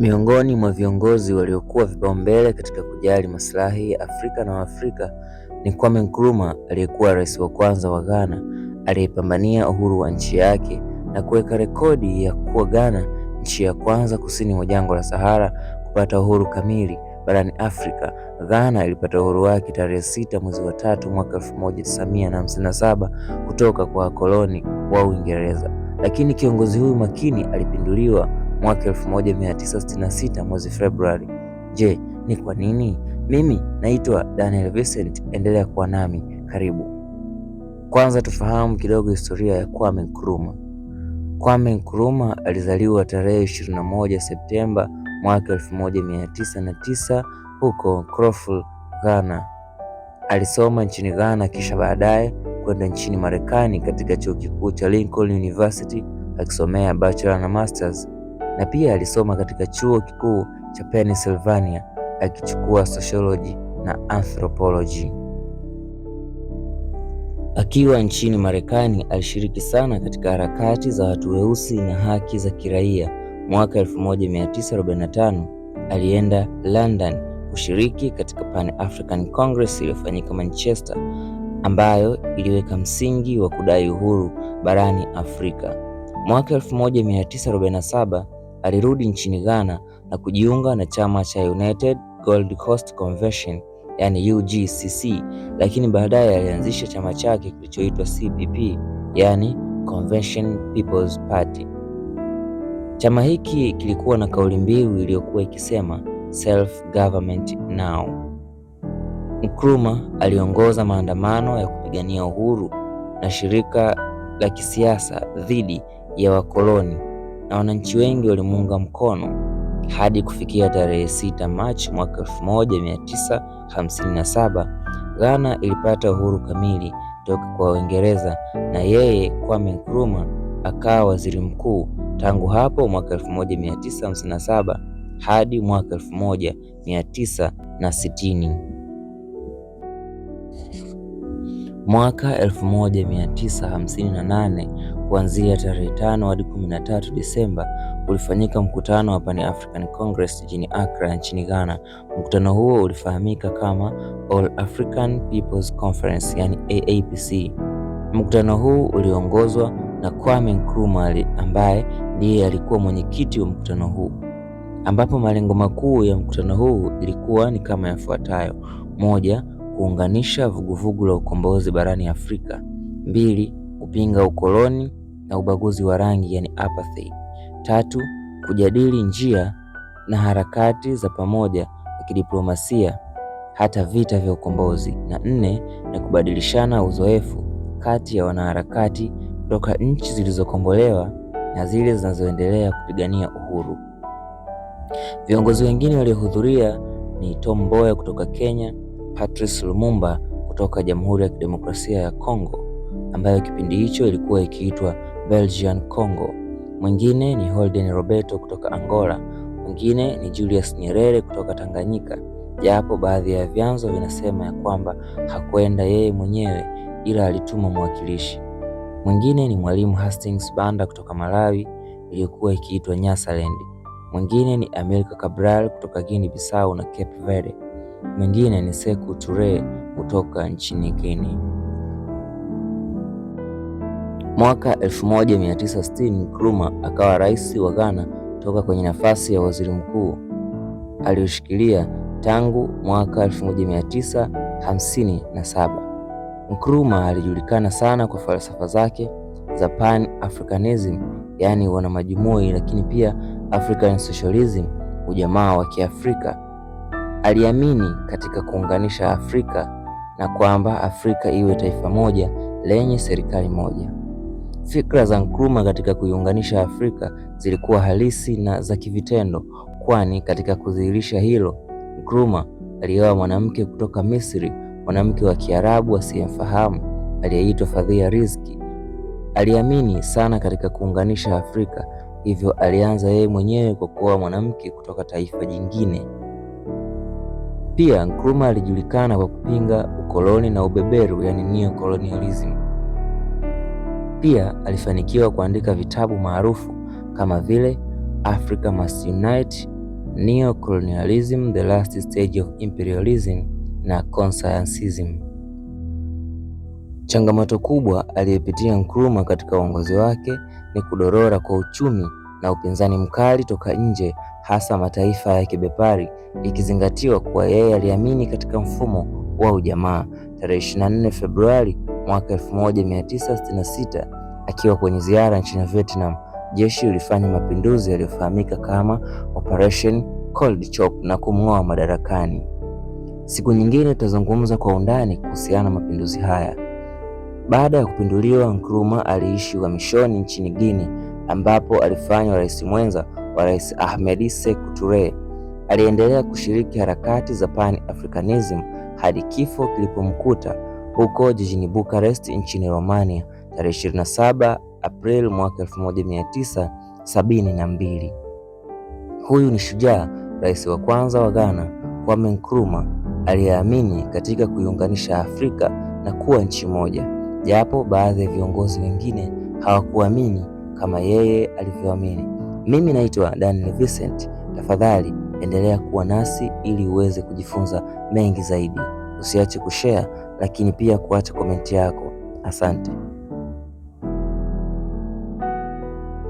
Miongoni mwa viongozi waliokuwa vipaumbele katika kujali maslahi ya Afrika na Waafrika ni Kwame Nkrumah aliyekuwa rais wa kwanza wa Ghana aliyepambania uhuru wa nchi yake na kuweka rekodi ya kuwa Ghana nchi ya kwanza kusini mwa jangwa la Sahara kupata uhuru kamili barani Afrika. Ghana ilipata uhuru wake tarehe sita mwezi wa tatu mwaka 1957 kutoka kwa wakoloni wa Uingereza, lakini kiongozi huyu makini alipinduliwa mwaka 1966 mwezi Februari. Je, ni kwa nini? Mimi naitwa Daniel Vincent, endelea kuwa nami, karibu. Kwanza tufahamu kidogo historia ya Kwame Nkrumah. Kwame Nkrumah alizaliwa tarehe 21 Septemba mwaka 1909 huko Crofl, Ghana. Alisoma nchini Ghana kisha baadaye kwenda nchini Marekani katika chuo kikuu cha Lincoln University akisomea bachelor na masters na pia alisoma katika chuo kikuu cha Pennsylvania akichukua sociology na anthropology. Akiwa nchini Marekani, alishiriki sana katika harakati za watu weusi na haki za kiraia. Mwaka 1945 alienda London kushiriki katika Pan African Congress iliyofanyika Manchester, ambayo iliweka msingi wa kudai uhuru barani Afrika. Mwaka 1947 alirudi nchini Ghana na kujiunga na chama cha United Gold Coast Convention yani UGCC, lakini baadaye alianzisha chama chake kilichoitwa CPP yani Convention People's Party. Chama hiki kilikuwa na kauli mbiu iliyokuwa ikisema self government now. Nkrumah aliongoza maandamano ya kupigania uhuru na shirika la kisiasa dhidi ya wakoloni na wananchi wengi walimuunga mkono hadi kufikia tarehe 6 Machi mwaka 1957 Ghana ilipata uhuru kamili toka kwa Uingereza na yeye Kwame Nkrumah akawa waziri mkuu. Tangu hapo mwaka 1957 hadi mwaka 1960. Mwaka 1958 kuanzia tarehe tano hadi 13 Desemba ulifanyika mkutano wa Pan African Congress jijini Accra nchini Ghana. Mkutano huo ulifahamika kama All African People's Conference, yani AAPC. Mkutano huu uliongozwa na Kwame Nkrumah ambaye ndiye alikuwa mwenyekiti wa mkutano huu, ambapo malengo makuu ya mkutano huu ilikuwa ni kama yafuatayo: moja, kuunganisha vuguvugu la ukombozi barani Afrika; mbili, kupinga ukoloni na ubaguzi wa rangi yani apartheid. Tatu, kujadili njia na harakati za pamoja za kidiplomasia hata vita vya ukombozi. Na nne, na kubadilishana uzoefu kati ya wanaharakati kutoka nchi zilizokombolewa na zile zinazoendelea kupigania uhuru. Viongozi wengine waliohudhuria ni Tom Mboya kutoka Kenya, Patrice Lumumba kutoka Jamhuri ya Kidemokrasia ya Kongo, ambayo kipindi hicho ilikuwa ikiitwa Belgian Congo, mwingine ni Holden Roberto kutoka Angola, mwingine ni Julius Nyerere kutoka Tanganyika, japo baadhi ya vyanzo vinasema ya kwamba hakwenda yeye mwenyewe ila alituma mwakilishi. Mwingine ni Mwalimu Hastings Banda kutoka Malawi iliyokuwa ikiitwa Nyasaland, mwingine ni America Cabral kutoka Guinea Bissau na Cape Verde, mwingine ni Sekou Toure kutoka nchini Guinea. Mwaka 1960 Nkrumah akawa rais wa Ghana toka kwenye nafasi ya waziri mkuu aliyoshikilia tangu mwaka 1957. Nkrumah alijulikana sana kwa falsafa zake za Pan Africanism, yaani majumui lakini pia African Socialism, ujamaa wa Kiafrika. Aliamini katika kuunganisha Afrika na kwamba Afrika iwe taifa moja lenye serikali moja. Fikra za Nkrumah katika kuiunganisha Afrika zilikuwa halisi na za kivitendo, kwani katika kudhihirisha hilo, Nkrumah alioa mwanamke kutoka Misri, mwanamke wa Kiarabu asiyemfahamu aliyeitwa Fadhia Rizki. Aliamini sana katika kuunganisha Afrika, hivyo alianza yeye mwenyewe kwa kuoa mwanamke kutoka taifa jingine. Pia Nkrumah alijulikana kwa kupinga ukoloni na ubeberu, yani neo colonialism. Pia alifanikiwa kuandika vitabu maarufu kama vile Africa Must Unite, Neocolonialism, The Last Stage of Imperialism na Conscientism. Changamoto kubwa aliyepitia Nkrumah katika uongozi wake ni kudorora kwa uchumi na upinzani mkali toka nje, hasa mataifa ya kibepari, ikizingatiwa kuwa yeye aliamini katika mfumo wa ujamaa tarehe 24 Februari mwaka 1966 akiwa kwenye ziara nchini Vietnam, jeshi ulifanya mapinduzi yaliyofahamika kama Operation Cold Chop na kumng'oa madarakani. Siku nyingine tutazungumza kwa undani kuhusiana na mapinduzi haya. Baada ya kupinduliwa, Nkrumah aliishi uhamishoni nchini Guinea ambapo alifanywa rais mwenza wa Rais Ahmed Sekou Toure. Aliendelea kushiriki harakati za Pan Africanism hadi kifo kilipomkuta huko jijini Bucharest nchini Romania tarehe 27 Aprili mwaka 1972. Huyu ni shujaa, rais wa kwanza wa Ghana Kwame Nkrumah aliyeamini katika kuiunganisha Afrika na kuwa nchi moja, japo baadhi ya viongozi wengine hawakuamini kama yeye alivyoamini. Mimi naitwa Daniel Vincent. Tafadhali endelea kuwa nasi ili uweze kujifunza mengi zaidi. Usiache kushare, lakini pia kuacha komenti yako. Asante.